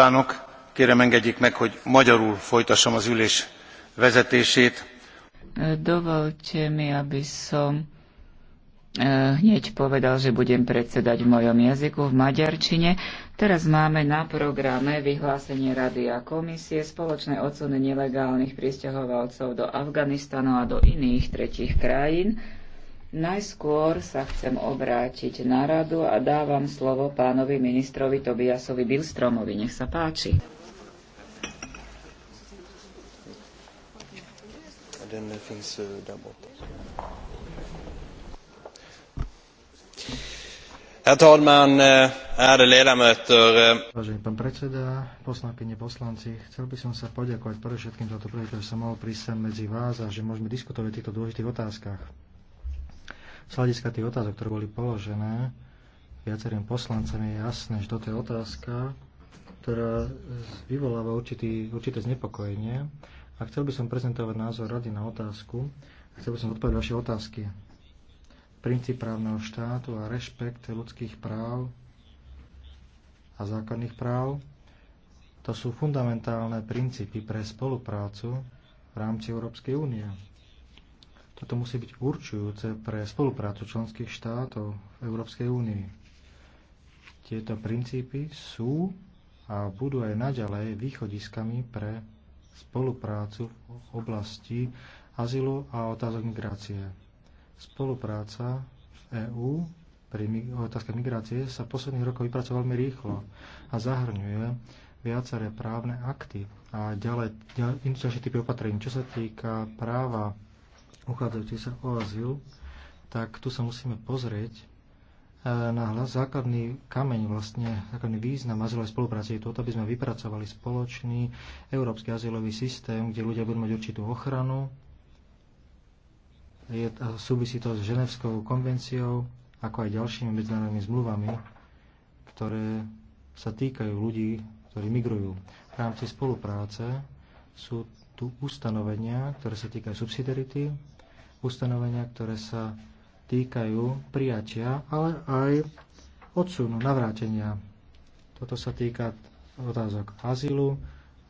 kvánok! Kérem engedjék meg, hogy magyarul folytassam az ülés vezetését. Dovolte mi, aby som e, hneď povedal, že budem predsedať v mojom jazyku v maďarčine. Teraz máme na programe vyhlásenie Rady a komisie spoločné odsúdenie nelegálnych pristahovalcov do Afganistanu a do iných tretich krajín. Najskôr sa chcem obrátiť na radu a dávam slovo pánovi ministrovi Tobiasovi Bilstromovi. Nech sa páči. Uh, äh, äh, Vážený pán predseda, poslankyne, poslanci, chcel by som sa poďakovať všetkým za to, že som mohol prísť sem medzi vás a že môžeme diskutovať o týchto dôležitých otázkach. Z hľadiska tých otázok, ktoré boli položené viacerým poslancom, je jasné, že toto je otázka, ktorá vyvoláva určitý, určité znepokojenie. A chcel by som prezentovať názor rady na otázku. A chcel by som odpovedať vaše otázky. Princíp právneho štátu a rešpekt ľudských práv a základných práv to sú fundamentálne princípy pre spoluprácu v rámci Európskej únie. Toto musí byť určujúce pre spoluprácu členských štátov v Európskej únii. Tieto princípy sú a budú aj naďalej východiskami pre spoluprácu v oblasti azylu a otázok migrácie. Spolupráca v EÚ pri otázke migrácie sa posledných rokov vypracoval veľmi rýchlo a zahrňuje viaceré právne akty a ďalej, ďalej iné typy opatrení. Čo sa týka práva uchádzajúci sa o azyl, tak tu sa musíme pozrieť e, na základný kameň, vlastne základný význam azylovej spolupráce je to, aby sme vypracovali spoločný európsky azylový systém, kde ľudia budú mať určitú ochranu. Je, a súvisí to s Ženevskou konvenciou, ako aj ďalšími medzinárodnými zmluvami, ktoré sa týkajú ľudí, ktorí migrujú. V rámci spolupráce sú tu ustanovenia, ktoré sa týkajú subsidiarity, ustanovenia, ktoré sa týkajú prijatia, ale aj odsunu, navrátenia. Toto sa týka otázok azylu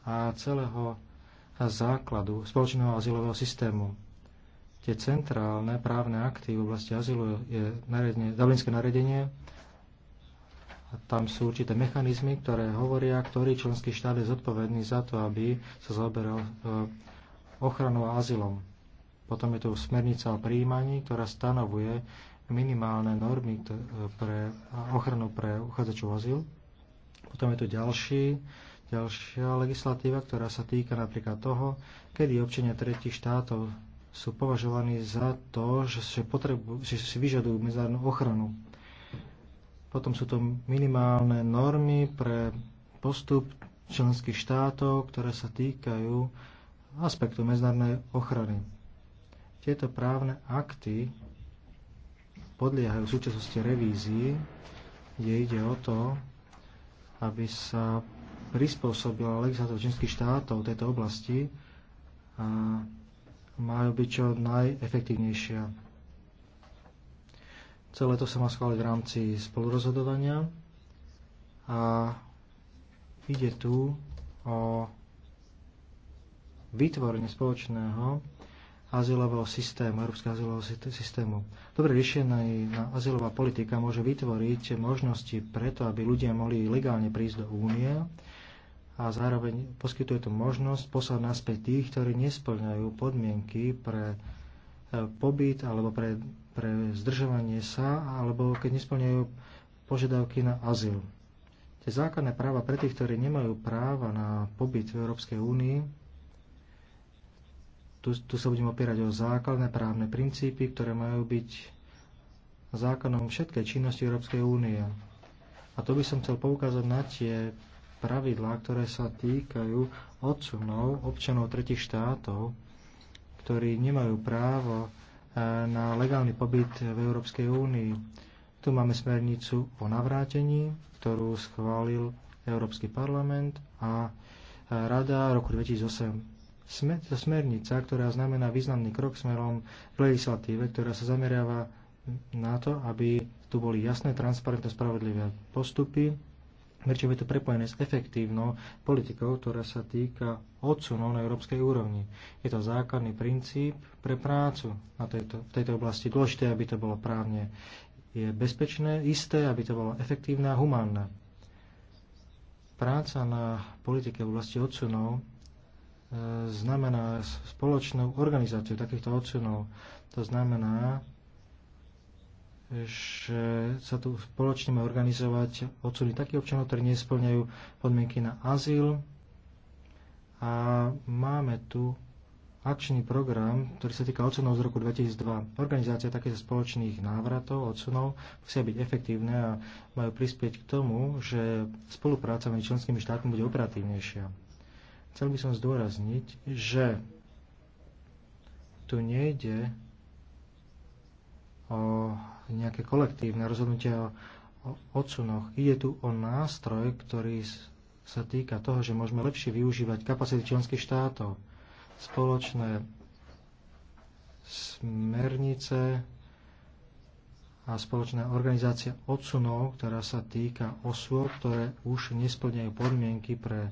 a celého základu spoločného azylového systému. Tie centrálne právne akty v oblasti azylu je nariadenie, Dublinské nariadenie tam sú určité mechanizmy, ktoré hovoria, ktorý členský štát je zodpovedný za to, aby sa zaoberal e, ochranou a azylom. Potom je tu smernica o príjmaní, ktorá stanovuje minimálne normy e, pre ochranu pre uchádzačov azyl. Potom je tu ďalší, ďalšia legislatíva, ktorá sa týka napríklad toho, kedy občania tretich štátov sú považovaní za to, že, potrebu, že si vyžadujú medzinárodnú ochranu potom sú to minimálne normy pre postup členských štátov, ktoré sa týkajú aspektu medzinárodnej ochrany. Tieto právne akty podliehajú v súčasnosti revízii, kde ide o to, aby sa prispôsobila legislatíva členských štátov tejto oblasti a majú byť čo najefektívnejšia. Celé to sa má schváliť v rámci spolurozhodovania a ide tu o vytvorenie spoločného azylového systému, európskeho azylového systému. Dobre riešená azylová politika môže vytvoriť možnosti preto, aby ľudia mohli legálne prísť do únie a zároveň poskytuje to možnosť poslať naspäť tých, ktorí nesplňajú podmienky pre e, pobyt alebo pre pre zdržovanie sa alebo keď nesplňajú požiadavky na azyl. Tie základné práva pre tých, ktorí nemajú práva na pobyt v Európskej únii, tu, tu sa budeme opierať o základné právne princípy, ktoré majú byť zákonom všetkej činnosti Európskej únie. A to by som chcel poukázať na tie pravidlá, ktoré sa týkajú odsunov občanov tretich štátov, ktorí nemajú právo E, na legálny pobyt v Európskej únii. Tu máme smernicu o navrátení, ktorú schválil Európsky parlament a e, Rada roku 2008. To smernica, ktorá znamená významný krok smerom k legislatíve, ktorá sa zameriava na to, aby tu boli jasné, transparentné, spravodlivé postupy Prečo je to prepojené s efektívnou politikou, ktorá sa týka odsunov na európskej úrovni. Je to základný princíp pre prácu na tejto, v tejto oblasti. Dôležité, aby to bolo právne je bezpečné, isté, aby to bolo efektívne a humánne. Práca na politike v oblasti odsunov e, znamená spoločnú organizáciu takýchto odsunov. To znamená, že sa tu spoločne má organizovať odsúdy takých občanov, ktorí nesplňajú podmienky na azyl. A máme tu akčný program, ktorý sa týka odsunov z roku 2002. Organizácia takýchto spoločných návratov, odsunov musia byť efektívne a majú prispieť k tomu, že spolupráca medzi členskými štátmi bude operatívnejšia. Chcel by som zdôrazniť, že tu nejde o nejaké kolektívne rozhodnutie o, o odsunoch. Ide tu o nástroj, ktorý sa týka toho, že môžeme lepšie využívať kapacity členských štátov, spoločné smernice a spoločná organizácia odsunov, ktorá sa týka osôb, ktoré už nesplňajú podmienky pre,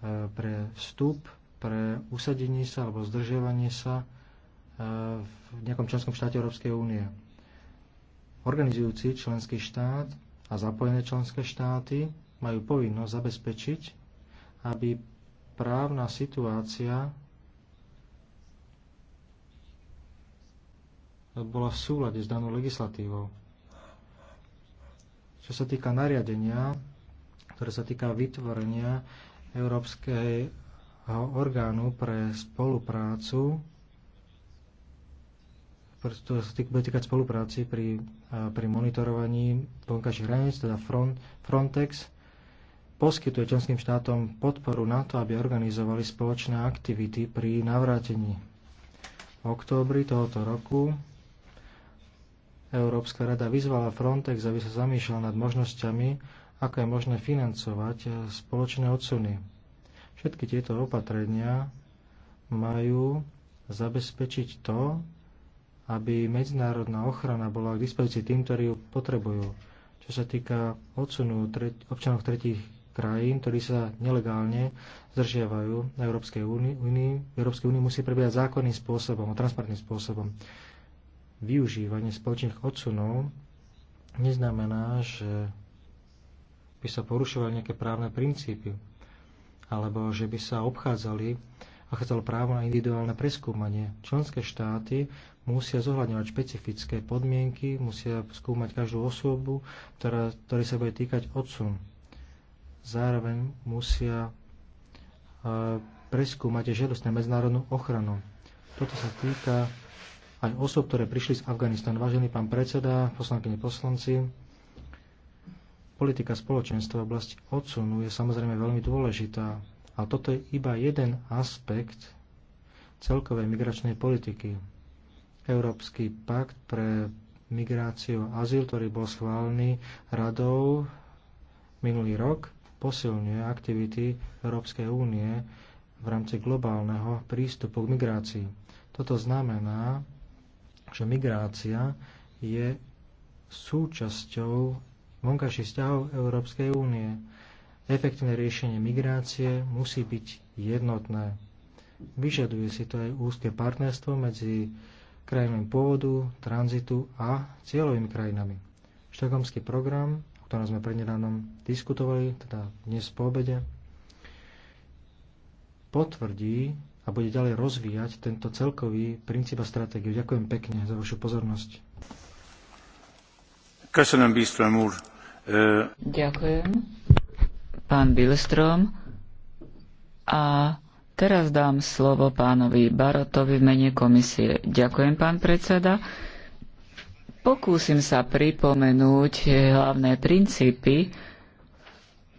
e, pre vstup, pre usadenie sa alebo zdržiavanie sa e, v nejakom členskom štáte Európskej únie. Organizujúci členský štát a zapojené členské štáty majú povinnosť zabezpečiť, aby právna situácia bola v súlade s danou legislatívou. Čo sa týka nariadenia, ktoré sa týka vytvorenia Európskeho orgánu pre spoluprácu to sa bude týkať spolupráci pri, pri monitorovaní vonkajších hraníc, teda front, Frontex poskytuje členským štátom podporu na to, aby organizovali spoločné aktivity pri navrátení. V októbri tohoto roku Európska rada vyzvala Frontex, aby sa zamýšľal nad možnosťami, ako je možné financovať e, spoločné odsuny. Všetky tieto opatrenia majú zabezpečiť to, aby medzinárodná ochrana bola k dispozícii tým, ktorí ju potrebujú. Čo sa týka odsunu občanov tretích krajín, ktorí sa nelegálne zdržiavajú na Európskej únii, Európskej únii musí prebiehať zákonným spôsobom a transparentným spôsobom. Využívanie spoločných odsunov neznamená, že by sa porušovali nejaké právne princípy alebo že by sa obchádzali a chcel právo na individuálne preskúmanie. Členské štáty musia zohľadňovať špecifické podmienky, musia skúmať každú osobu, ktorá, ktorý sa bude týkať odsun. Zároveň musia e, preskúmať žiadosť na medzinárodnú ochranu. Toto sa týka aj osob, ktoré prišli z Afganistanu. Vážený pán predseda, poslankyne poslanci, politika spoločenstva v oblasti odsunu je samozrejme veľmi dôležitá. A toto je iba jeden aspekt celkovej migračnej politiky. Európsky pakt pre migráciu a azyl, ktorý bol schválený radou minulý rok, posilňuje aktivity Európskej únie v rámci globálneho prístupu k migrácii. Toto znamená, že migrácia je súčasťou vonkajších vzťahov Európskej únie efektívne riešenie migrácie musí byť jednotné. Vyžaduje si to aj úzke partnerstvo medzi krajinami pôvodu, tranzitu a cieľovými krajinami. Štokholmský program, o ktorom sme prednedávnom diskutovali, teda dnes po obede, potvrdí a bude ďalej rozvíjať tento celkový princíp a stratégiu. Ďakujem pekne za vašu pozornosť. Ďakujem pán Bilstrom. A teraz dám slovo pánovi Barotovi v mene komisie. Ďakujem, pán predseda. Pokúsim sa pripomenúť hlavné princípy,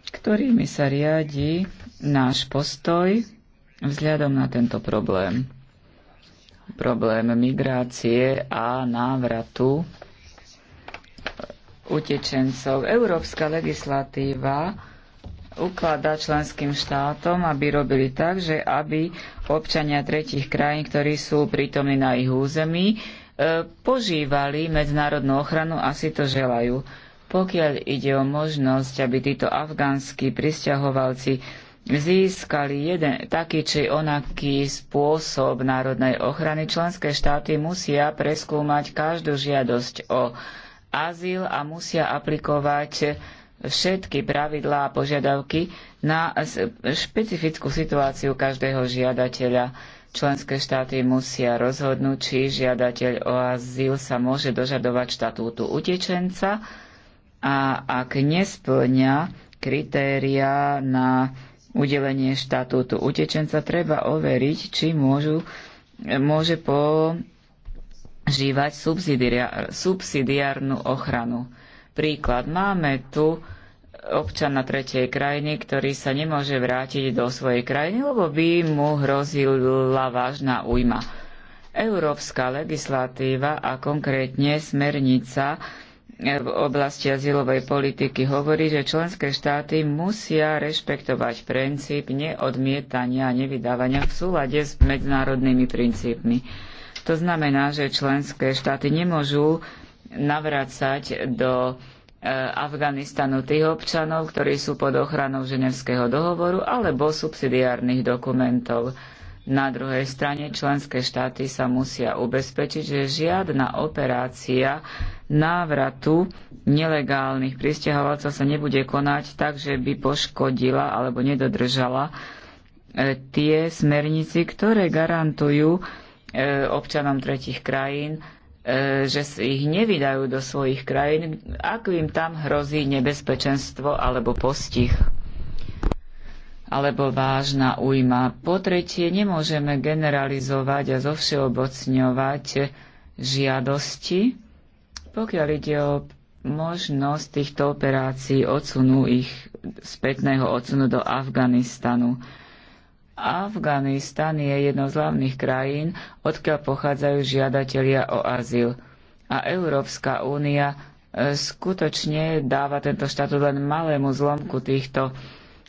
ktorými sa riadi náš postoj vzhľadom na tento problém. Problém migrácie a návratu utečencov. Európska legislatíva ukladá členským štátom, aby robili tak, že aby občania tretich krajín, ktorí sú prítomní na ich území, e, požívali medzinárodnú ochranu a si to želajú. Pokiaľ ide o možnosť, aby títo afgánsky pristahovalci získali jeden taký či onaký spôsob národnej ochrany, členské štáty musia preskúmať každú žiadosť o azyl a musia aplikovať všetky pravidlá a požiadavky na špecifickú situáciu každého žiadateľa. Členské štáty musia rozhodnúť, či žiadateľ o azyl sa môže dožadovať štatútu utečenca a ak nesplňa kritéria na udelenie štatútu utečenca, treba overiť, či môžu, môže požívať subsidiárnu ochranu. Príklad, máme tu občana tretej krajiny, ktorý sa nemôže vrátiť do svojej krajiny, lebo by mu hrozila vážna újma. Európska legislatíva a konkrétne smernica v oblasti azylovej politiky hovorí, že členské štáty musia rešpektovať princíp neodmietania a nevydávania v súlade s medzinárodnými princípmi. To znamená, že členské štáty nemôžu navrácať do e, Afganistanu tých občanov, ktorí sú pod ochranou Ženevského dohovoru alebo subsidiárnych dokumentov. Na druhej strane členské štáty sa musia ubezpečiť, že žiadna operácia návratu nelegálnych pristahovalcov sa nebude konať tak, že by poškodila alebo nedodržala e, tie smernici, ktoré garantujú e, občanom tretich krajín E, že si ich nevydajú do svojich krajín, ak im tam hrozí nebezpečenstvo alebo postih alebo vážna újma. Po tretie, nemôžeme generalizovať a zovšeobocňovať žiadosti, pokiaľ ide o možnosť týchto operácií odsunú ich spätného odsunu do Afganistanu. Afganistan je jednou z hlavných krajín, odkiaľ pochádzajú žiadatelia o azyl. A Európska únia e, skutočne dáva tento štát len malému zlomku týchto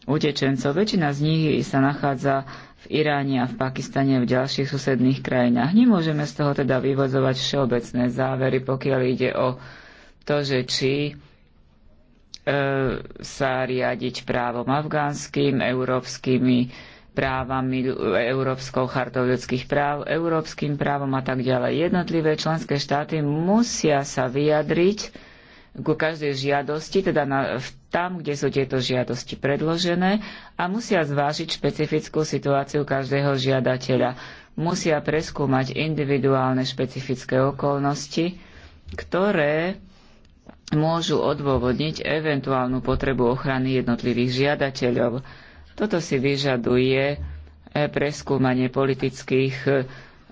utečencov. Väčšina z nich sa nachádza v Iráne a v Pakistane a v ďalších susedných krajinách. Nemôžeme z toho teda vyvozovať všeobecné závery, pokiaľ ide o to, že či e, sa riadiť právom afgánskym, európskymi právami, Európskou chartou ľudských práv, európskym právom a tak ďalej. Jednotlivé členské štáty musia sa vyjadriť ku každej žiadosti, teda na, tam, kde sú tieto žiadosti predložené a musia zvážiť špecifickú situáciu každého žiadateľa. Musia preskúmať individuálne špecifické okolnosti, ktoré môžu odôvodniť eventuálnu potrebu ochrany jednotlivých žiadateľov toto si vyžaduje e, preskúmanie politických, e,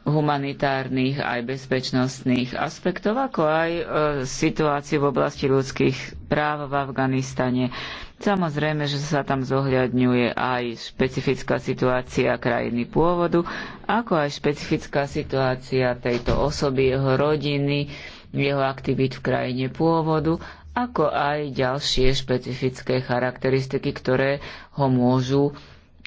humanitárnych aj bezpečnostných aspektov, ako aj e, situáciu v oblasti ľudských práv v Afganistane. Samozrejme, že sa tam zohľadňuje aj špecifická situácia krajiny pôvodu, ako aj špecifická situácia tejto osoby, jeho rodiny, jeho aktivít v krajine pôvodu, ako aj ďalšie špecifické charakteristiky, ktoré ho môžu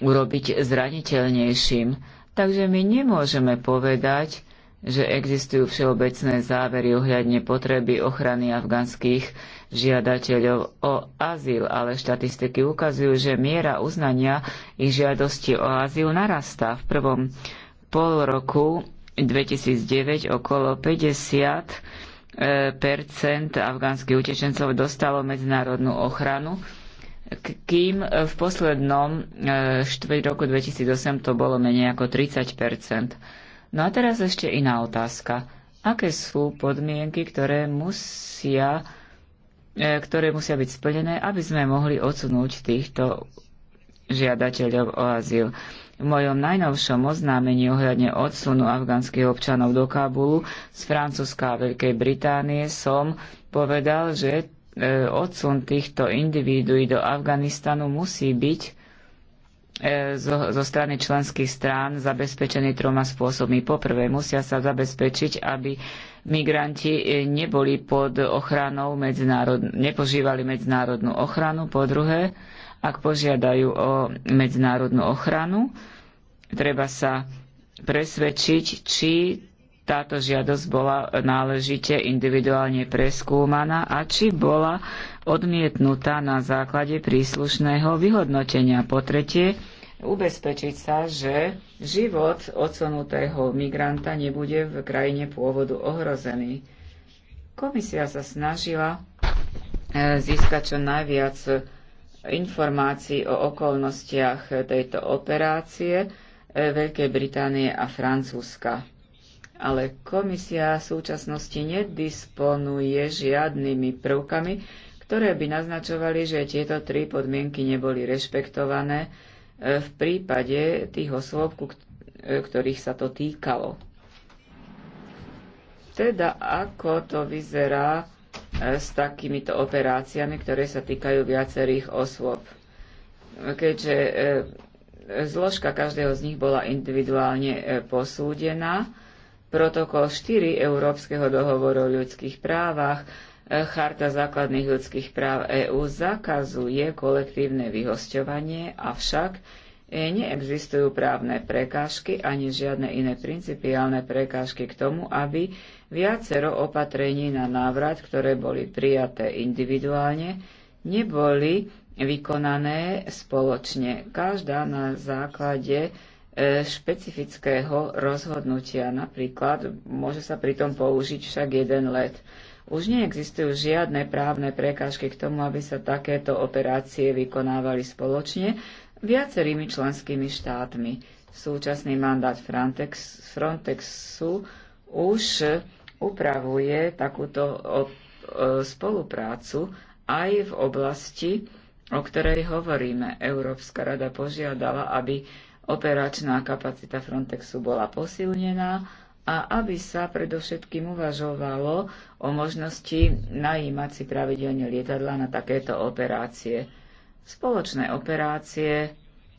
urobiť zraniteľnejším. Takže my nemôžeme povedať, že existujú všeobecné závery ohľadne potreby ochrany afganských žiadateľov o azyl, ale štatistiky ukazujú, že miera uznania ich žiadosti o azyl narastá. V prvom pol roku 2009 okolo 50 percent afgánskych utečencov dostalo medzinárodnú ochranu, kým v poslednom e, štvrť roku 2008 to bolo menej ako 30 percent. No a teraz ešte iná otázka. Aké sú podmienky, ktoré musia, e, ktoré musia byť splnené, aby sme mohli odsunúť týchto žiadateľov o azyl? V mojom najnovšom oznámení ohľadne odsunu afgánskych občanov do Kábulu z Francúzska a Veľkej Británie som povedal, že odsun týchto individuí do Afganistanu musí byť zo, zo strany členských strán zabezpečený troma spôsobmi. Poprvé, musia sa zabezpečiť, aby migranti neboli pod ochranou, medzinárod nepožívali medzinárodnú ochranu. Po druhé, ak požiadajú o medzinárodnú ochranu. Treba sa presvedčiť, či táto žiadosť bola náležite individuálne preskúmaná a či bola odmietnutá na základe príslušného vyhodnotenia. Po tretie, ubezpečiť sa, že život odsunutého migranta nebude v krajine pôvodu ohrozený. Komisia sa snažila eh, získať čo najviac informácií o okolnostiach tejto operácie e, Veľkej Británie a Francúzska. Ale komisia v súčasnosti nedisponuje žiadnymi prvkami, ktoré by naznačovali, že tieto tri podmienky neboli rešpektované e, v prípade tých osôb, e, ktorých sa to týkalo. Teda ako to vyzerá s takýmito operáciami, ktoré sa týkajú viacerých osôb. Keďže e, zložka každého z nich bola individuálne e, posúdená, protokol 4 Európskeho dohovoru o ľudských právach, e, Charta základných ľudských práv EÚ zakazuje kolektívne vyhosťovanie, avšak neexistujú právne prekážky ani žiadne iné principiálne prekážky k tomu, aby Viacero opatrení na návrat, ktoré boli prijaté individuálne, neboli vykonané spoločne, každá na základe e, špecifického rozhodnutia. Napríklad môže sa pritom použiť však jeden let. Už neexistujú žiadne právne prekážky k tomu, aby sa takéto operácie vykonávali spoločne viacerými členskými štátmi. Súčasný mandát Frontex, už upravuje takúto spoluprácu aj v oblasti, o ktorej hovoríme. Európska rada požiadala, aby operačná kapacita Frontexu bola posilnená a aby sa predovšetkým uvažovalo o možnosti najímať si pravidelne lietadla na takéto operácie. Spoločné operácie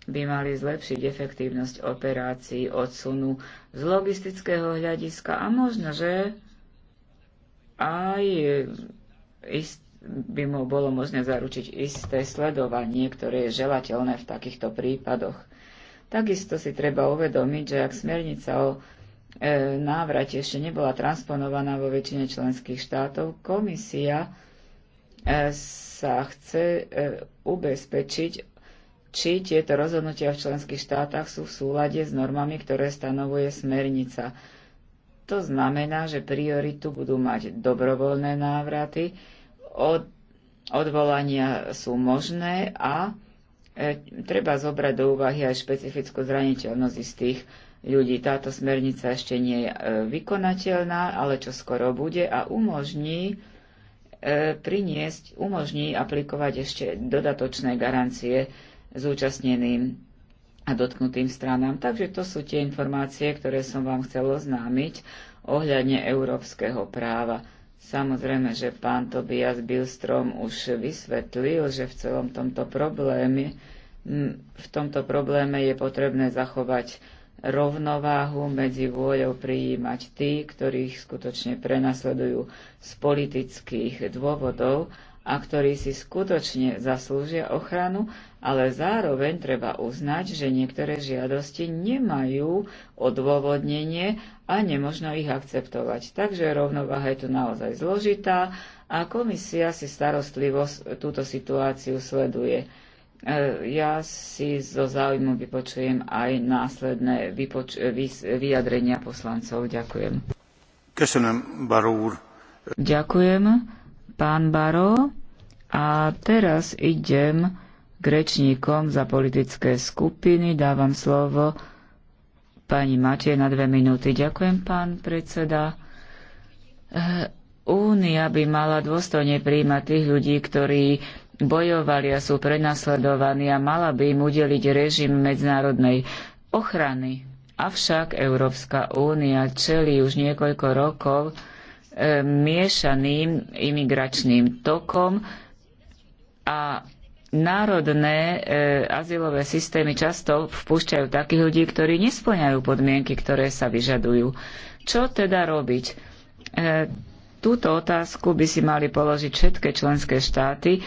by mali zlepšiť efektívnosť operácií odsunu z logistického hľadiska a možno, že aj by mu bolo možné zaručiť isté sledovanie, ktoré je želateľné v takýchto prípadoch. Takisto si treba uvedomiť, že ak smernica o e, návrate ešte nebola transponovaná vo väčšine členských štátov, komisia e, sa chce e, ubezpečiť či tieto rozhodnutia v členských štátach sú v súlade s normami, ktoré stanovuje smernica. To znamená, že prioritu budú mať dobrovoľné návraty, od, odvolania sú možné a e, treba zobrať do úvahy aj špecifickú zraniteľnosť istých ľudí. Táto smernica ešte nie je e, vykonateľná, ale čo skoro bude a umožní e, priniesť, umožní aplikovať ešte dodatočné garancie zúčastneným a dotknutým stranám. Takže to sú tie informácie, ktoré som vám chcel oznámiť ohľadne európskeho práva. Samozrejme, že pán Tobias Bilstrom už vysvetlil, že v celom tomto probléme, v tomto probléme je potrebné zachovať rovnováhu medzi vôľou prijímať tí, ktorých skutočne prenasledujú z politických dôvodov a ktorí si skutočne zaslúžia ochranu ale zároveň treba uznať, že niektoré žiadosti nemajú odôvodnenie a nemožno ich akceptovať. Takže rovnováha je tu naozaj zložitá a komisia si starostlivo túto situáciu sleduje. E, ja si so záujmom vypočujem aj následné vypoč- vyjadrenia poslancov. Ďakujem. Ďakujem, pán Baro. A teraz idem k rečníkom za politické skupiny. Dávam slovo pani Matej na dve minúty. Ďakujem, pán predseda. Eh, únia by mala dôstojne príjmať tých ľudí, ktorí bojovali a sú prenasledovaní a mala by im udeliť režim medzinárodnej ochrany. Avšak Európska únia čelí už niekoľko rokov e, miešaným imigračným tokom a národné e, azylové systémy často vpúšťajú takých ľudí, ktorí nesplňajú podmienky, ktoré sa vyžadujú. Čo teda robiť? E, túto otázku by si mali položiť všetky členské štáty, e,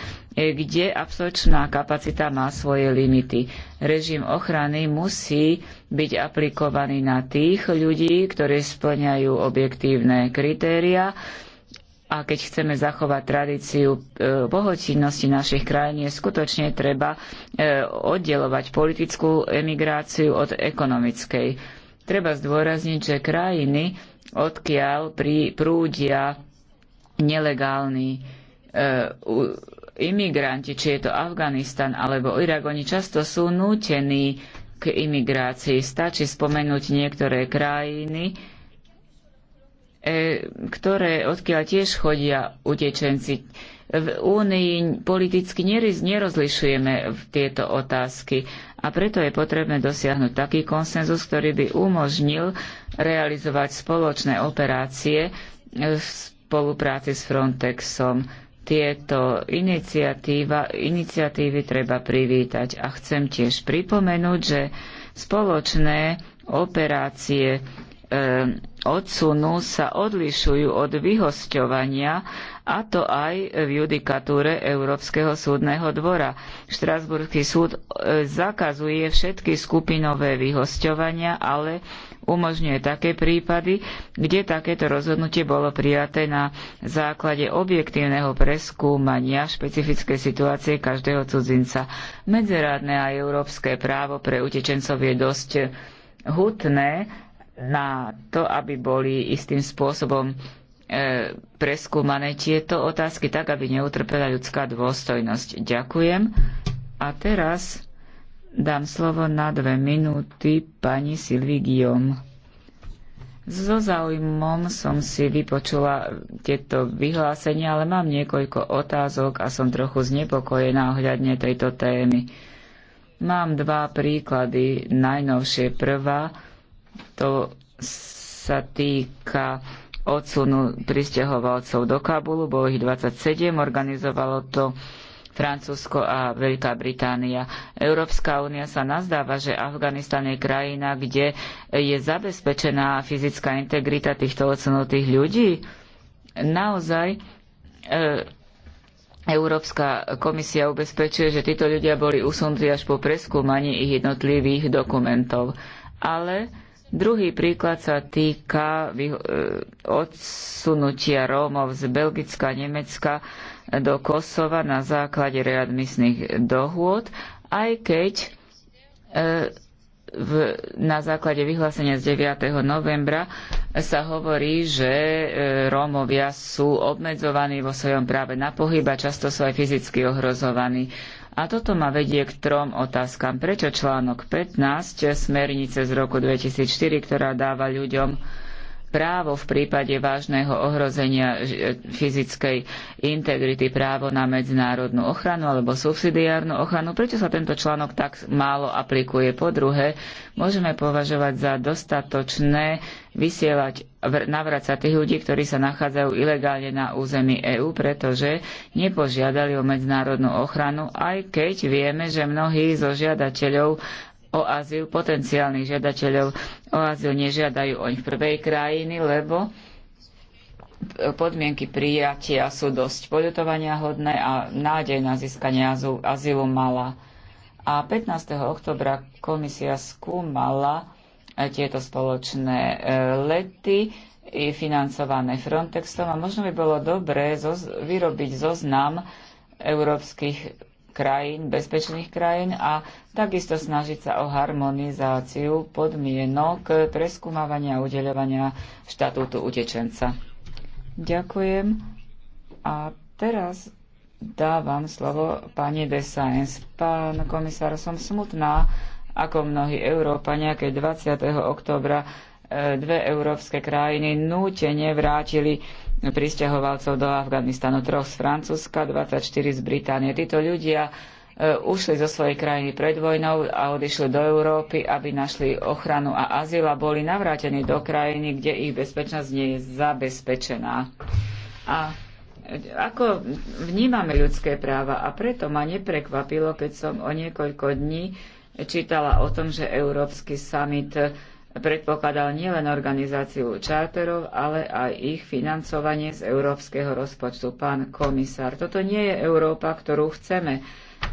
kde absorčná kapacita má svoje limity. Režim ochrany musí byť aplikovaný na tých ľudí, ktorí splňajú objektívne kritéria, a keď chceme zachovať tradíciu pohostinnosti e, našich krajín, je skutočne treba e, oddelovať politickú emigráciu od ekonomickej. Treba zdôrazniť, že krajiny, odkiaľ prúdia nelegálni e, imigranti, či je to Afganistan alebo Irak, oni často sú nútení k imigrácii. Stačí spomenúť niektoré krajiny, E, ktoré, odkiaľ tiež chodia utečenci. V Únii politicky nerozlišujeme tieto otázky a preto je potrebné dosiahnuť taký konsenzus, ktorý by umožnil realizovať spoločné operácie v spolupráci s Frontexom. Tieto iniciatívy treba privítať a chcem tiež pripomenúť, že spoločné operácie e, odsunu sa odlišujú od vyhosťovania, a to aj v judikatúre Európskeho súdneho dvora. Štrasburský súd e, zakazuje všetky skupinové vyhosťovania, ale umožňuje také prípady, kde takéto rozhodnutie bolo prijaté na základe objektívneho preskúmania špecifickej situácie každého cudzinca. Medzerádne a európske právo pre utečencov je dosť hutné, na to, aby boli istým spôsobom e, preskúmané tieto otázky tak, aby neutrpela ľudská dôstojnosť. Ďakujem. A teraz dám slovo na dve minúty pani Sylvie Guillaume. So záujmom som si vypočula tieto vyhlásenia, ale mám niekoľko otázok a som trochu znepokojená ohľadne tejto témy. Mám dva príklady. Najnovšie prvá to sa týka odsunu pristahovalcov do Kabulu, bolo ich 27, organizovalo to Francúzsko a Veľká Británia. Európska únia sa nazdáva, že Afganistan je krajina, kde je zabezpečená fyzická integrita týchto odsunutých ľudí. Naozaj e, Európska komisia ubezpečuje, že títo ľudia boli usunutí až po preskúmaní ich jednotlivých dokumentov. Ale Druhý príklad sa týka e, odsunutia Rómov z Belgicka, Nemecka do Kosova na základe readmisných dohôd, aj keď e, v, na základe vyhlásenia z 9. novembra sa hovorí, že e, Rómovia sú obmedzovaní vo svojom práve na pohyb a často sú aj fyzicky ohrozovaní. A toto ma vedie k trom otázkam. Prečo článok 15 smernice z roku 2004, ktorá dáva ľuďom právo v prípade vážneho ohrozenia e, fyzickej integrity, právo na medzinárodnú ochranu alebo subsidiárnu ochranu. Prečo sa tento článok tak málo aplikuje? Po druhé, môžeme považovať za dostatočné vysielať, navracať tých ľudí, ktorí sa nachádzajú ilegálne na území EÚ, pretože nepožiadali o medzinárodnú ochranu, aj keď vieme, že mnohí zo žiadateľov o azyl potenciálnych žiadateľov o azyl nežiadajú oň v prvej krajiny, lebo podmienky prijatia sú dosť poľutovania hodné a nádej na získanie azylu mala. A 15. oktobra komisia skúmala e, tieto spoločné e, lety financované Frontexom a možno by bolo dobré vyrobiť zoznam európskych krajín, bezpečných krajín a takisto snažiť sa o harmonizáciu podmienok preskúmavania a udeľovania štatútu utečenca. Ďakujem. A teraz dávam slovo pani de Sainz. Pán komisár, som smutná, ako mnohí Európania, keď 20. oktobra dve európske krajiny nútene vrátili pristahovalcov do Afganistanu, troch z Francúzska, 24 z Británie. Títo ľudia e, ušli zo svojej krajiny pred vojnou a odišli do Európy, aby našli ochranu a azyl a boli navrátení do krajiny, kde ich bezpečnosť nie je zabezpečená. A ako vnímame ľudské práva a preto ma neprekvapilo, keď som o niekoľko dní čítala o tom, že Európsky summit predpokladal nielen organizáciu čárterov, ale aj ich financovanie z európskeho rozpočtu. Pán komisár, toto nie je Európa, ktorú chceme.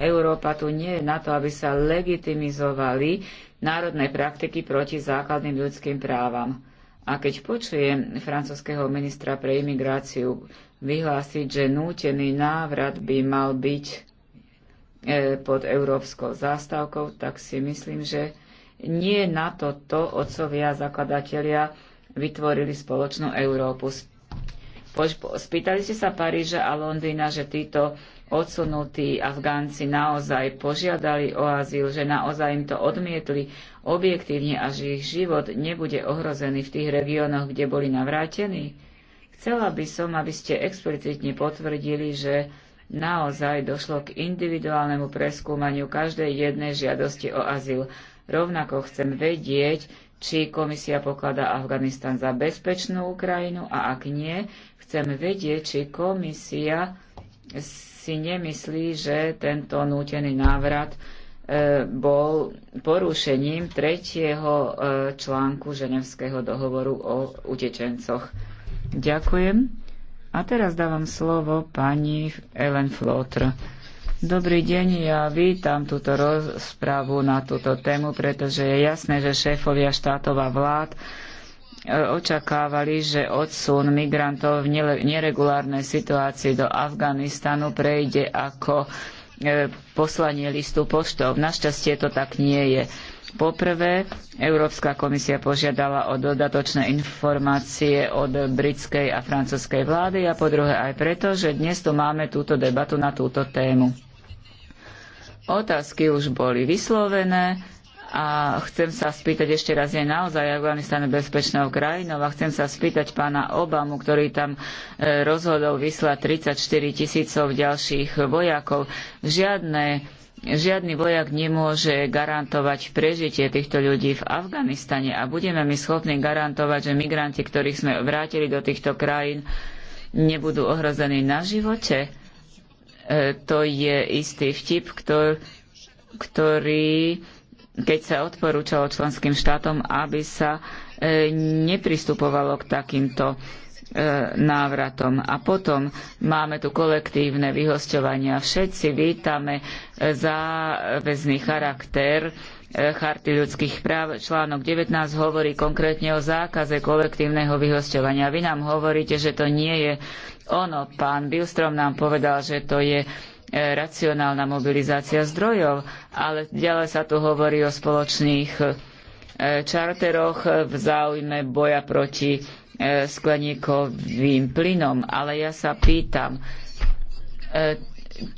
Európa tu nie je na to, aby sa legitimizovali národné praktiky proti základným ľudským právam. A keď počujem francúzského ministra pre imigráciu vyhlásiť, že nútený návrat by mal byť e, pod európskou zástavkou, tak si myslím, že nie na toto otcovia zakladatelia vytvorili spoločnú Európu. Spýtali ste sa Paríža a Londýna, že títo odsunutí Afgánci naozaj požiadali o azyl, že naozaj im to odmietli objektívne a že ich život nebude ohrozený v tých regiónoch, kde boli navrátení? Chcela by som, aby ste explicitne potvrdili, že naozaj došlo k individuálnemu preskúmaniu každej jednej žiadosti o azyl. Rovnako chcem vedieť, či komisia pokladá Afganistan za bezpečnú krajinu a ak nie, chcem vedieť, či komisia si nemyslí, že tento nútený návrat e, bol porušením tretieho e, článku Ženevského dohovoru o utečencoch. Ďakujem. A teraz dávam slovo pani Ellen Flotr. Dobrý deň, ja vítam túto rozprávu na túto tému, pretože je jasné, že šéfovia štátov a vlád e, očakávali, že odsun migrantov v neregulárnej situácii do Afganistanu prejde ako e, poslanie listu poštov. Našťastie to tak nie je Poprvé, Európska komisia požiadala o dodatočné informácie od britskej a francúzskej vlády a po druhé aj preto, že dnes tu máme túto debatu na túto tému. Otázky už boli vyslovené a chcem sa spýtať ešte raz, je naozaj Afganistan bezpečnou krajinou a chcem sa spýtať pána Obamu, ktorý tam e, rozhodol vyslať 34 tisícov ďalších vojakov. Žiadne Žiadny vojak nemôže garantovať prežitie týchto ľudí v Afganistane a budeme my schopní garantovať, že migranti, ktorých sme vrátili do týchto krajín, nebudú ohrození na živote. E, to je istý vtip, ktor, ktorý, keď sa odporúčalo členským štátom, aby sa e, nepristupovalo k takýmto E, návratom. A potom máme tu kolektívne vyhosťovania. Všetci vítame záväzný charakter e, Charty ľudských práv. Článok 19 hovorí konkrétne o zákaze kolektívneho vyhosťovania. Vy nám hovoríte, že to nie je ono. Pán Bilstrom nám povedal, že to je e, racionálna mobilizácia zdrojov, ale ďalej sa tu hovorí o spoločných čarteroch v záujme boja proti E, skleníkovým plynom, ale ja sa pýtam, e,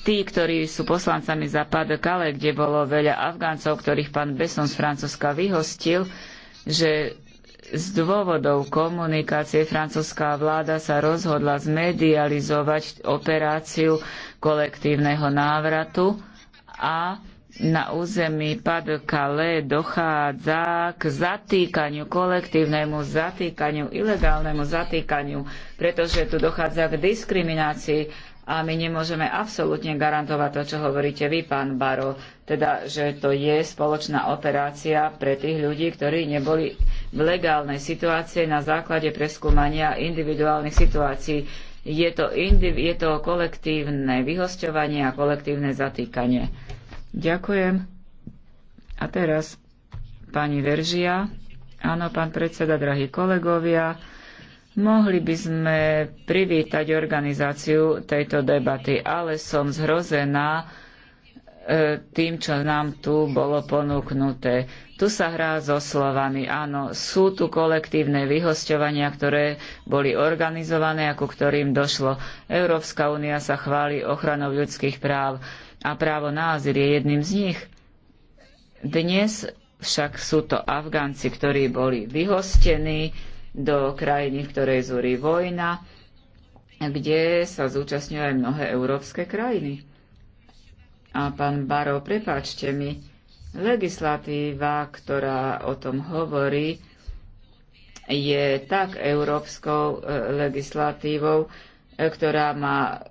tí, ktorí sú poslancami za Pas-de-Calais, kde bolo veľa Afgáncov, ktorých pán Besson z Francúzska vyhostil, že z dôvodov komunikácie francúzska vláda sa rozhodla zmedializovať operáciu kolektívneho návratu a na území pas calais dochádza k zatýkaniu, kolektívnemu zatýkaniu, ilegálnemu zatýkaniu, pretože tu dochádza k diskriminácii a my nemôžeme absolútne garantovať to, čo hovoríte vy, pán Baro, teda, že to je spoločná operácia pre tých ľudí, ktorí neboli v legálnej situácii na základe preskúmania individuálnych situácií. Je to, indiv- je to kolektívne vyhosťovanie a kolektívne zatýkanie. Ďakujem. A teraz pani Veržia. Áno, pán predseda, drahí kolegovia. Mohli by sme privítať organizáciu tejto debaty, ale som zhrozená e, tým, čo nám tu bolo ponúknuté. Tu sa hrá so slovami. Áno, sú tu kolektívne vyhosťovania, ktoré boli organizované a ku ktorým došlo. Európska únia sa chváli ochranou ľudských práv a právo na azyl je jedným z nich. Dnes však sú to Afgánci, ktorí boli vyhostení do krajiny, v ktorej zúri vojna, kde sa zúčastňujú aj mnohé európske krajiny. A pán Baro, prepáčte mi, legislatíva, ktorá o tom hovorí, je tak európskou eh, legislatívou, eh, ktorá má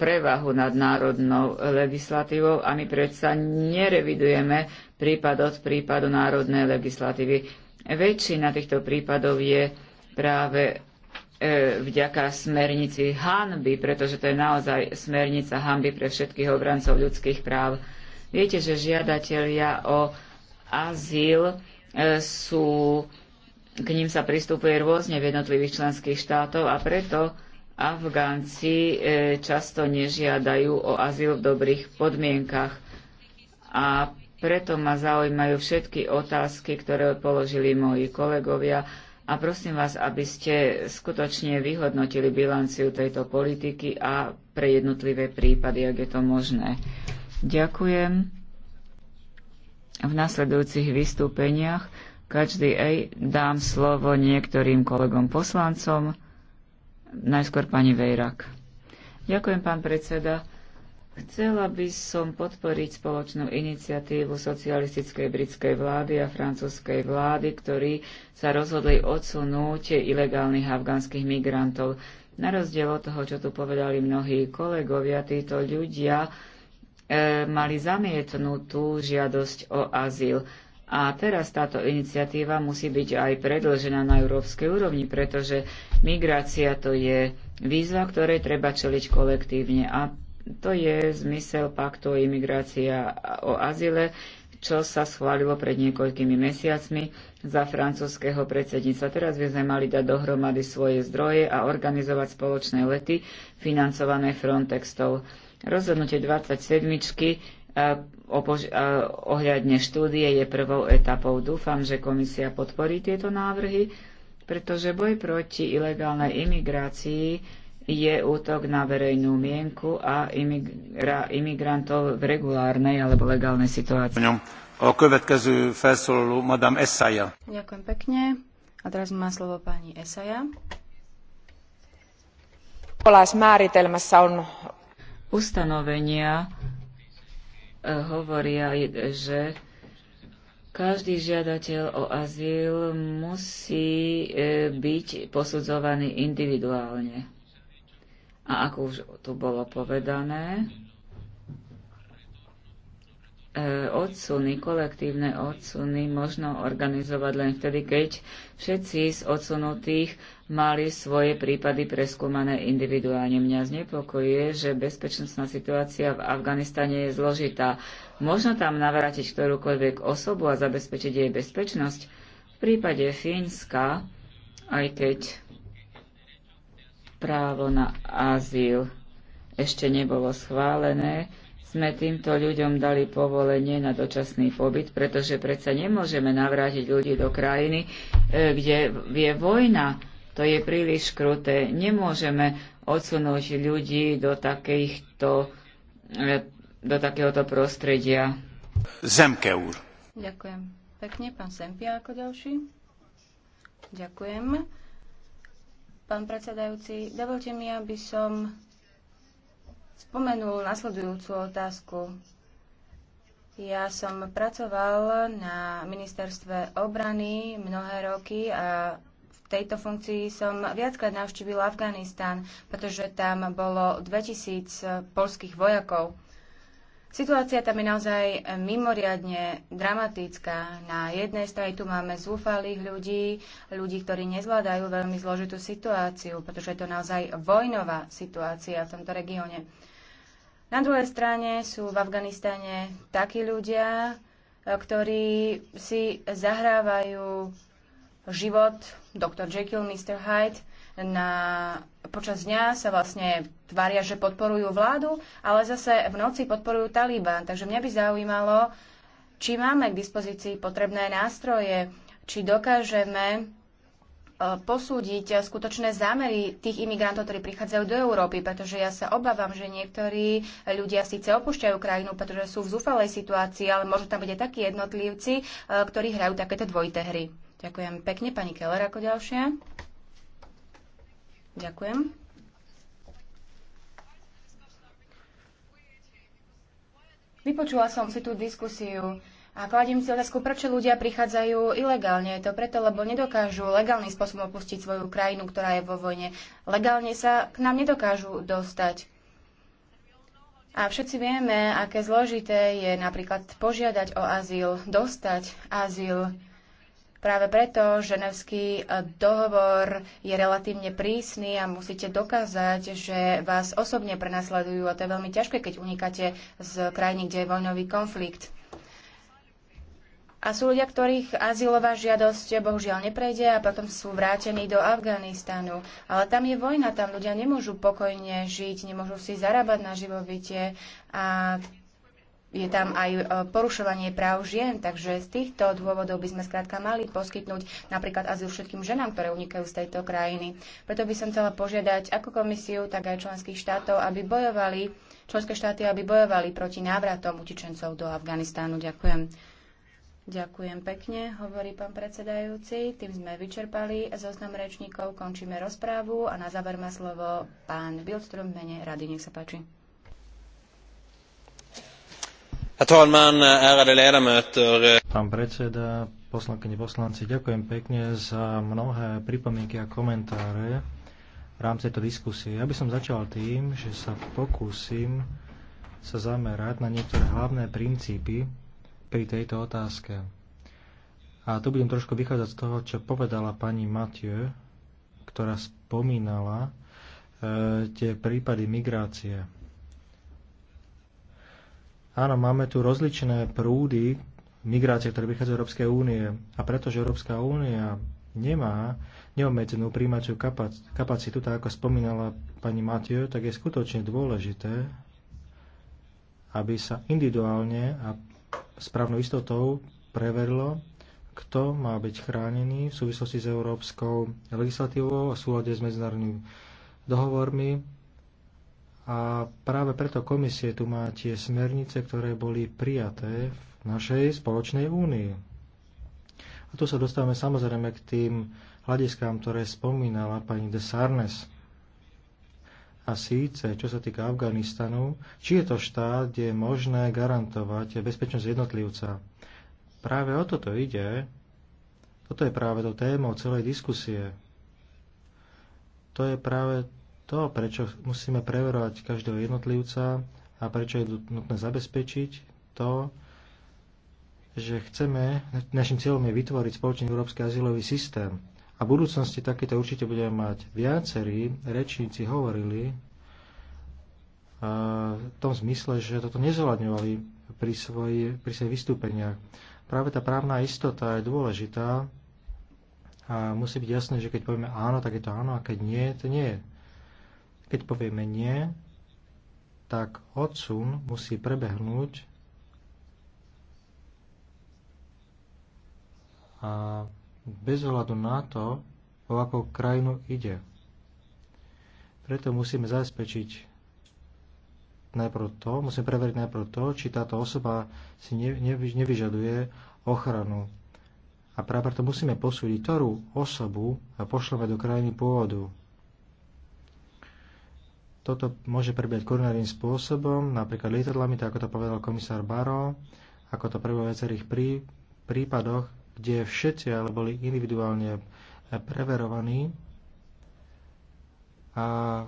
prevahu nad národnou legislatívou a my predsa nerevidujeme prípad od prípadu národnej legislatívy. Väčšina týchto prípadov je práve e, vďaka smernici hanby, pretože to je naozaj smernica hanby pre všetkých obrancov ľudských práv. Viete, že žiadatelia o azyl e, sú, k ním sa pristupuje rôzne v jednotlivých členských štátov a preto Afgánci e, často nežiadajú o azyl v dobrých podmienkach a preto ma zaujímajú všetky otázky, ktoré položili moji kolegovia a prosím vás, aby ste skutočne vyhodnotili bilanciu tejto politiky a pre jednotlivé prípady, ak je to možné. Ďakujem. V nasledujúcich vystúpeniach každý aj dám slovo niektorým kolegom poslancom. Najskôr pani Vejrak. Ďakujem, pán predseda. Chcela by som podporiť spoločnú iniciatívu socialistickej britskej vlády a francúzskej vlády, ktorí sa rozhodli odsunúť ilegálnych afgánskych migrantov. Na rozdiel od toho, čo tu povedali mnohí kolegovia, títo ľudia e, mali zamietnutú žiadosť o azyl. A teraz táto iniciatíva musí byť aj predlžená na európskej úrovni, pretože migrácia to je výzva, ktorej treba čeliť kolektívne. A to je zmysel paktu o imigrácia o azile, čo sa schválilo pred niekoľkými mesiacmi za francúzského predsedníctva. Teraz by sme mali dať dohromady svoje zdroje a organizovať spoločné lety financované Frontextov. Rozhodnutie 27 ohľadne štúdie je prvou etapou. Dúfam, že komisia podporí tieto návrhy, pretože boj proti ilegálnej imigrácii je útok na verejnú mienku a imigra, imigrantov v regulárnej alebo legálnej situácii. Ďakujem pekne. A teraz má slovo pani Esaja. Ustanovenia hovoria, že každý žiadateľ o azyl musí e, byť posudzovaný individuálne. A ako už tu bolo povedané, E, odsuny, kolektívne odsuny možno organizovať len vtedy, keď všetci z odsunutých mali svoje prípady preskúmané individuálne. Mňa znepokojuje, že bezpečnostná situácia v Afganistane je zložitá. Možno tam navrátiť ktorúkoľvek osobu a zabezpečiť jej bezpečnosť. V prípade Fínska, aj keď právo na azyl ešte nebolo schválené, sme týmto ľuďom dali povolenie na dočasný pobyt, pretože predsa nemôžeme navrátiť ľudí do krajiny, e, kde je vojna. To je príliš kruté. Nemôžeme odsunúť ľudí do, takýchto, e, do takéhoto prostredia. Zemke úr. Ďakujem. Pekne, pán Sempia ako ďalší. Ďakujem. Pán predsedajúci, dovolte mi, aby som spomenul nasledujúcu otázku. Ja som pracoval na ministerstve obrany mnohé roky a v tejto funkcii som viackrát navštívil Afganistan, pretože tam bolo 2000 polských vojakov. Situácia tam je naozaj mimoriadne dramatická. Na jednej strane tu máme zúfalých ľudí, ľudí, ktorí nezvládajú veľmi zložitú situáciu, pretože je to naozaj vojnová situácia v tomto regióne. Na druhej strane sú v Afganistane takí ľudia, e, ktorí si zahrávajú život Dr. Jekyll, Mr. Hyde. Na, počas dňa sa vlastne tvária, že podporujú vládu, ale zase v noci podporujú Taliban. Takže mňa by zaujímalo, či máme k dispozícii potrebné nástroje, či dokážeme E, posúdiť skutočné zámery tých imigrantov, ktorí prichádzajú do Európy, pretože ja sa obávam, že niektorí ľudia síce opúšťajú krajinu, pretože sú v zúfalej situácii, ale môžu tam byť aj takí jednotlivci, e, ktorí hrajú takéto dvojité hry. Ďakujem pekne, pani Keller ako ďalšia. Ďakujem. Vypočula som si tú diskusiu a kladím si otázku, prečo ľudia prichádzajú ilegálne. Je to preto, lebo nedokážu legálny spôsob opustiť svoju krajinu, ktorá je vo vojne. Legálne sa k nám nedokážu dostať. A všetci vieme, aké zložité je napríklad požiadať o azyl, dostať azyl. Práve preto ženevský e, dohovor je relatívne prísny a musíte dokázať, že vás osobne prenasledujú a to je veľmi ťažké, keď unikáte z krajiny, kde je voľnový konflikt. A sú ľudia, ktorých azylová žiadosť bohužiaľ neprejde a potom sú vrátení do Afganistanu. Ale tam je vojna, tam ľudia nemôžu pokojne žiť, nemôžu si zarábať na živobytie a je tam aj e, porušovanie práv žien, takže z týchto dôvodov by sme skrátka mali poskytnúť napríklad azyl všetkým ženám, ktoré unikajú z tejto krajiny. Preto by som chcela požiadať ako komisiu, tak aj členských štátov, aby bojovali, členské štáty, aby bojovali proti návratom utečencov do Afganistánu. Ďakujem. Ďakujem pekne, hovorí pán predsedajúci. Tým sme vyčerpali zoznam rečníkov, končíme rozprávu a na záver má slovo pán Bildström v mene rady. Nech sa páči. Pán predseda, poslankyne, poslanci, ďakujem pekne za mnohé pripomienky a komentáre v rámci tejto diskusie. Ja by som začal tým, že sa pokúsim sa zamerať na niektoré hlavné princípy, pri tejto otázke. A tu budem trošku vychádzať z toho, čo povedala pani Mathieu, ktorá spomínala e, tie prípady migrácie. Áno, máme tu rozličné prúdy migrácie, ktoré vychádzajú z Európskej únie. A pretože Európska únia nemá neobmedzenú príjmaciu kapacitu, tak ako spomínala pani Mathieu, tak je skutočne dôležité, aby sa individuálne a správnou istotou preverilo, kto má byť chránený v súvislosti s európskou legislatívou a súlade s medzinárodnými dohovormi. A práve preto komisie tu má tie smernice, ktoré boli prijaté v našej spoločnej únii. A tu sa dostávame samozrejme k tým hľadiskám, ktoré spomínala pani de Sarnes. A síce, čo sa týka Afganistanu, či je to štát, kde je možné garantovať bezpečnosť jednotlivca. Práve o toto ide. Toto je práve to témou celej diskusie. To je práve to, prečo musíme preverovať každého jednotlivca a prečo je nutné zabezpečiť to, že chceme, našim cieľom je vytvoriť spoločný európsky azylový systém. A v budúcnosti takéto určite budeme mať. Viacerí rečníci hovorili e, v tom zmysle, že toto nezohľadňovali pri, svoj, pri svojich vystúpeniach. Práve tá právna istota je dôležitá a musí byť jasné, že keď povieme áno, tak je to áno a keď nie, to nie je. Keď povieme nie, tak odsun musí prebehnúť a bez ohľadu na to, o akú krajinu ide. Preto musíme zabezpečiť najprv to, musíme preveriť najprv to, či táto osoba si nevyžaduje ochranu. A práve preto musíme posúdiť, ktorú osobu a pošleme do krajiny pôvodu. Toto môže prebiehať koronárnym spôsobom, napríklad lietadlami, tak ako to povedal komisár Baro, ako to prebieha v viacerých prípadoch, kde všetci ale boli individuálne preverovaní. A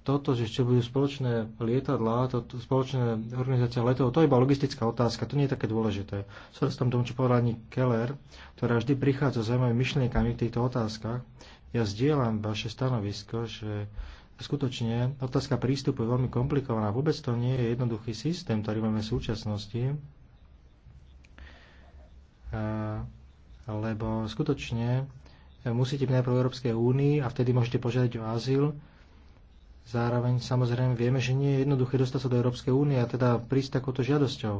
toto, že ešte budú spoločné lietadlá, toto, spoločné organizácia letov, to je iba logistická otázka, to nie je také dôležité. Súhlasím so, tam tomu, čo povedal Ani Keller, ktorá vždy prichádza zaujímavými myšlienkami v týchto otázkach. Ja zdieľam vaše stanovisko, že skutočne otázka prístupu je veľmi komplikovaná. Vôbec to nie je jednoduchý systém, ktorý máme v súčasnosti lebo skutočne e, musíte byť najprv v Európskej únii a vtedy môžete požiadať o azyl. Zároveň samozrejme vieme, že nie je jednoduché dostať sa do Európskej únie a teda prísť takouto žiadosťou.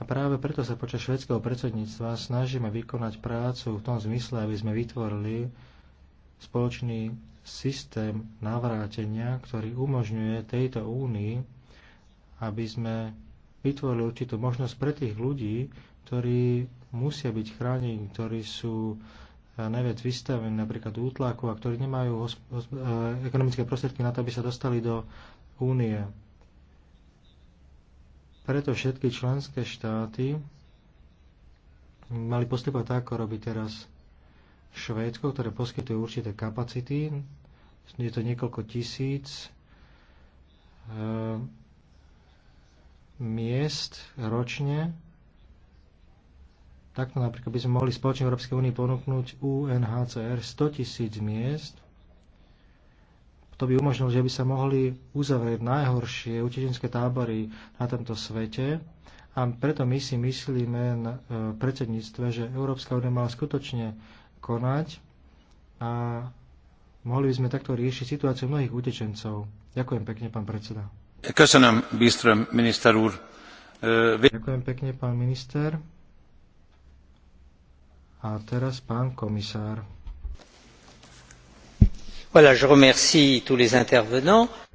A práve preto sa počas švedského predsedníctva snažíme vykonať prácu v tom zmysle, aby sme vytvorili spoločný systém navrátenia, ktorý umožňuje tejto únii, aby sme vytvorili určitú možnosť pre tých ľudí, ktorí musia byť chránení, ktorí sú eh, najviac vystavení napríklad útlaku a ktorí nemajú eh, ekonomické prostriedky na to, aby sa dostali do únie. Preto všetky členské štáty mali postupovať tak, ako robí teraz Švédsko, ktoré poskytuje určité kapacity. Je to niekoľko tisíc eh, miest ročne. Takto napríklad by sme mohli spoločne Európskej únii ponúknuť UNHCR 100 tisíc miest. To by umožnilo, že by sa mohli uzavrieť najhoršie utečenské tábory na tomto svete. A preto my si myslíme na e, predsedníctve, že Európska únia mala skutočne konať a mohli by sme takto riešiť situáciu mnohých utečencov. Ďakujem pekne, pán predseda. Ďakujem pekne, pán minister. A teraz pán komisár.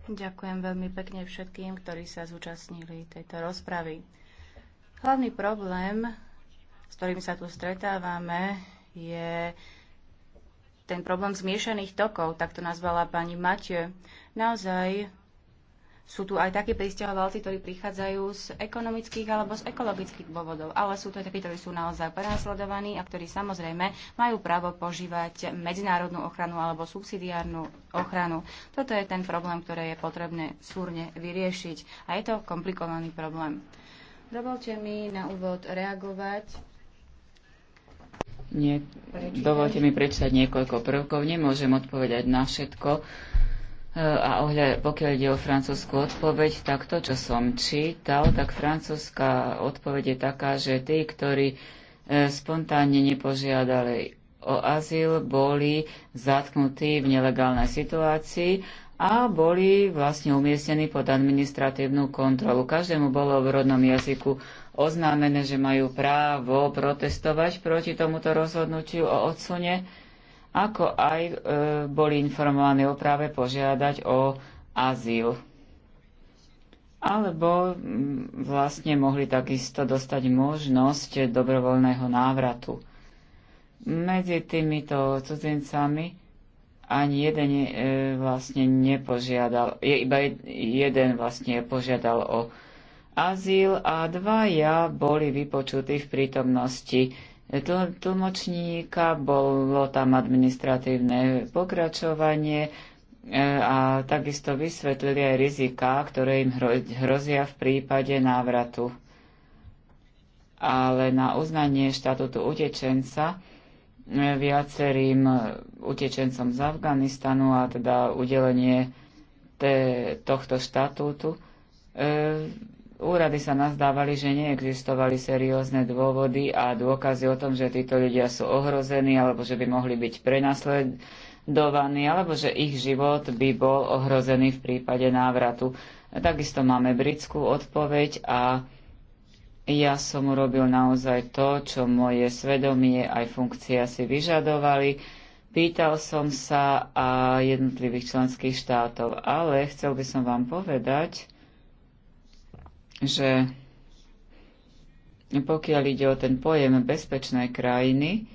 Ďakujem veľmi pekne všetkým, ktorí sa zúčastnili tejto rozpravy. Hlavný problém, s ktorým sa tu stretávame, je ten problém zmiešaných tokov, tak to nazvala pani Matie. Naozaj sú tu aj takí pristahovalci, ktorí prichádzajú z ekonomických alebo z ekologických dôvodov, ale sú to takí, ktorí sú naozaj prenasledovaní a ktorí samozrejme majú právo požívať medzinárodnú ochranu alebo subsidiárnu ochranu. Toto je ten problém, ktorý je potrebné súrne vyriešiť a je to komplikovaný problém. Dovolte mi na úvod reagovať. Nie, dovolte mi prečítať niekoľko prvkov. Nemôžem odpovedať na všetko E, a ohľad, pokiaľ ide o francúzsku odpoveď, tak to, čo som čítal, tak francúzska odpoveď je taká, že tí, ktorí e, spontánne nepožiadali o azyl, boli zatknutí v nelegálnej situácii a boli vlastne umiestnení pod administratívnu kontrolu. Každému bolo v rodnom jazyku oznámené, že majú právo protestovať proti tomuto rozhodnutiu o odsune ako aj e, boli informovaní o práve požiadať o azyl. Alebo mm, vlastne mohli takisto dostať možnosť dobrovoľného návratu. Medzi týmito cudzincami ani jeden e, vlastne nepožiadal, je, iba jeden vlastne požiadal o azyl a dvaja boli vypočutí v prítomnosti tlmočníka, bolo tam administratívne pokračovanie e, a takisto vysvetlili aj rizika, ktoré im hrozia v prípade návratu. Ale na uznanie štatútu utečenca e, viacerým utečencom z Afganistanu a teda udelenie tohto štatútu e, Úrady sa nazdávali, že neexistovali seriózne dôvody a dôkazy o tom, že títo ľudia sú ohrození alebo že by mohli byť prenasledovaní alebo že ich život by bol ohrozený v prípade návratu. Takisto máme britskú odpoveď a ja som urobil naozaj to, čo moje svedomie aj funkcia si vyžadovali. Pýtal som sa a jednotlivých členských štátov, ale chcel by som vám povedať, že pokiaľ ide o ten pojem bezpečnej krajiny,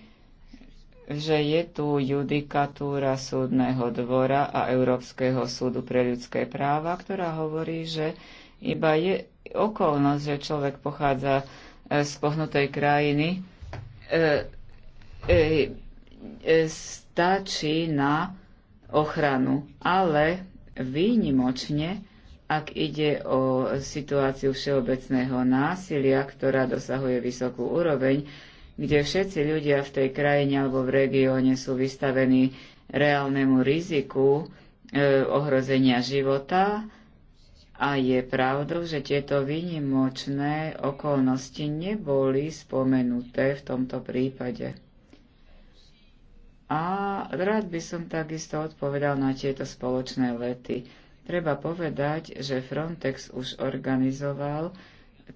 že je tu judikatúra súdneho dvora a Európskeho súdu pre ľudské práva, ktorá hovorí, že iba je okolnosť, že človek pochádza e, z pohnutej krajiny, e, e, e, stačí na ochranu, ale výnimočne ak ide o situáciu všeobecného násilia, ktorá dosahuje vysokú úroveň, kde všetci ľudia v tej krajine alebo v regióne sú vystavení reálnemu riziku e, ohrozenia života. A je pravdou, že tieto výnimočné okolnosti neboli spomenuté v tomto prípade. A rád by som takisto odpovedal na tieto spoločné lety. Treba povedať, že Frontex už organizoval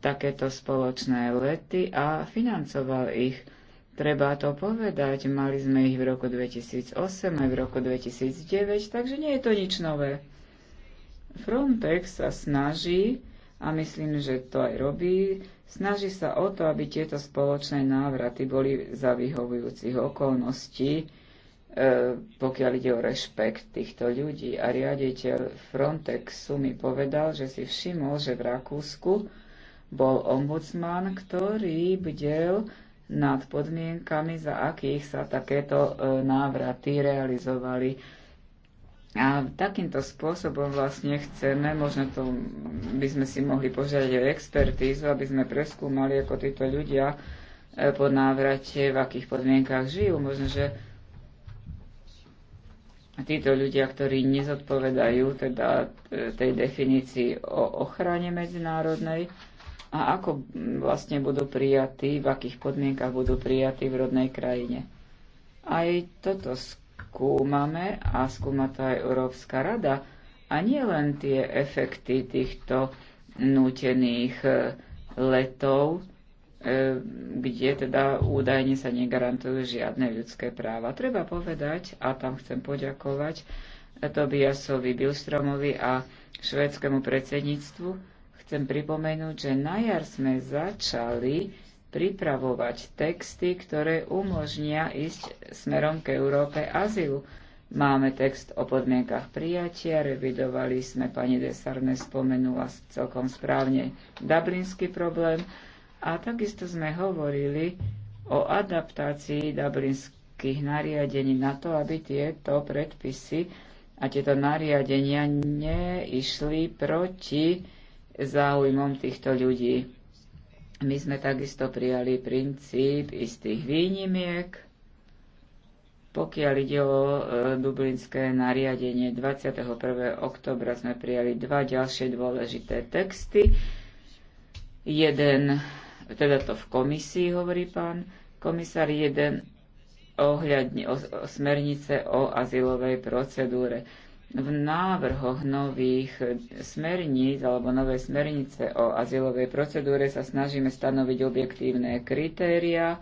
takéto spoločné lety a financoval ich. Treba to povedať, mali sme ich v roku 2008 aj v roku 2009, takže nie je to nič nové. Frontex sa snaží, a myslím, že to aj robí, snaží sa o to, aby tieto spoločné návraty boli za vyhovujúcich okolností, E, pokiaľ ide o rešpekt týchto ľudí. A riaditeľ Frontexu mi povedal, že si všimol, že v Rakúsku bol ombudsman, ktorý bdel nad podmienkami, za akých sa takéto e, návraty realizovali. A takýmto spôsobom vlastne chceme, možno to by sme si mohli požiadať o expertízu, aby sme preskúmali, ako títo ľudia e, po návrate, v akých podmienkach žijú. Možno, že a títo ľudia, ktorí nezodpovedajú teda e, tej definícii o ochrane medzinárodnej a ako vlastne budú prijatí, v akých podmienkach budú prijatí v rodnej krajine. Aj toto skúmame a skúma to aj Európska rada a nie len tie efekty týchto nútených e, letov, E, kde teda údajne sa negarantujú žiadne ľudské práva. Treba povedať, a tam chcem poďakovať Tobiasovi Bilstromovi a švedskému predsedníctvu, chcem pripomenúť, že na jar sme začali pripravovať texty, ktoré umožnia ísť smerom k Európe azylu. Máme text o podmienkach prijatia, revidovali sme, pani Desarne spomenula celkom správne dublinský problém, a takisto sme hovorili o adaptácii dublinských nariadení na to, aby tieto predpisy a tieto nariadenia neišli proti záujmom týchto ľudí. My sme takisto prijali princíp istých výnimiek, pokiaľ ide o e, dublinské nariadenie 21. oktobra sme prijali dva ďalšie dôležité texty. Jeden teda to v komisii, hovorí pán komisár 1 ohľadne o, o smernice o azylovej procedúre. V návrhoch nových smerníc alebo nové smernice o azylovej procedúre sa snažíme stanoviť objektívne kritéria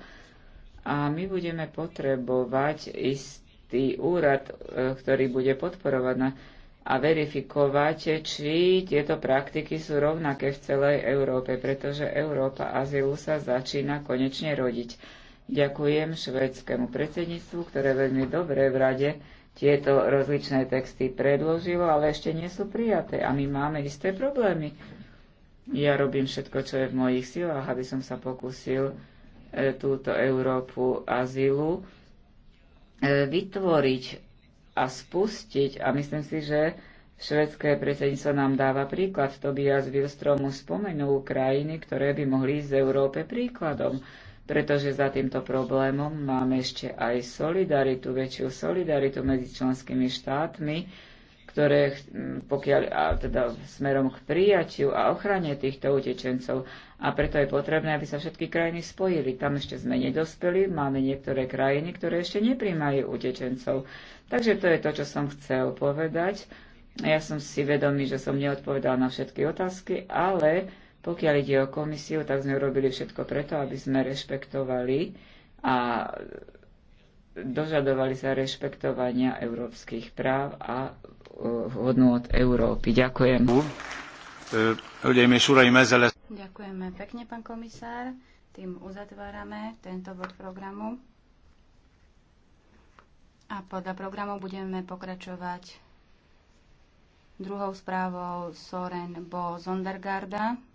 a my budeme potrebovať istý úrad, e, ktorý bude podporovať na a verifikovať, či tieto praktiky sú rovnaké v celej Európe, pretože Európa azylu sa začína konečne rodiť. Ďakujem švedskému predsedníctvu, ktoré veľmi dobre v rade tieto rozličné texty predložilo, ale ešte nie sú prijaté a my máme isté problémy. Ja robím všetko, čo je v mojich silách, aby som sa pokúsil e, túto Európu azylu e, vytvoriť a spustiť. A myslím si, že švedské predsedníctvo nám dáva príklad. Tobias Wilstromu spomenul krajiny, ktoré by mohli ísť z Európe príkladom, pretože za týmto problémom máme ešte aj solidaritu, väčšiu solidaritu medzi členskými štátmi, ktoré pokiaľ, a teda smerom k prijaťu a ochrane týchto utečencov. A preto je potrebné, aby sa všetky krajiny spojili. Tam ešte sme nedospeli, máme niektoré krajiny, ktoré ešte nepríjmajú utečencov. Takže to je to, čo som chcel povedať. Ja som si vedomý, že som neodpovedal na všetky otázky, ale pokiaľ ide o komisiu, tak sme urobili všetko preto, aby sme rešpektovali a dožadovali sa rešpektovania európskych práv a hodnú Európy. Ďakujem. Eh, Ďakujeme pekne, pán komisár. Tým uzatvárame tento bod programu. A podľa programu budeme pokračovať druhou správou Soren Bo Zondergarda.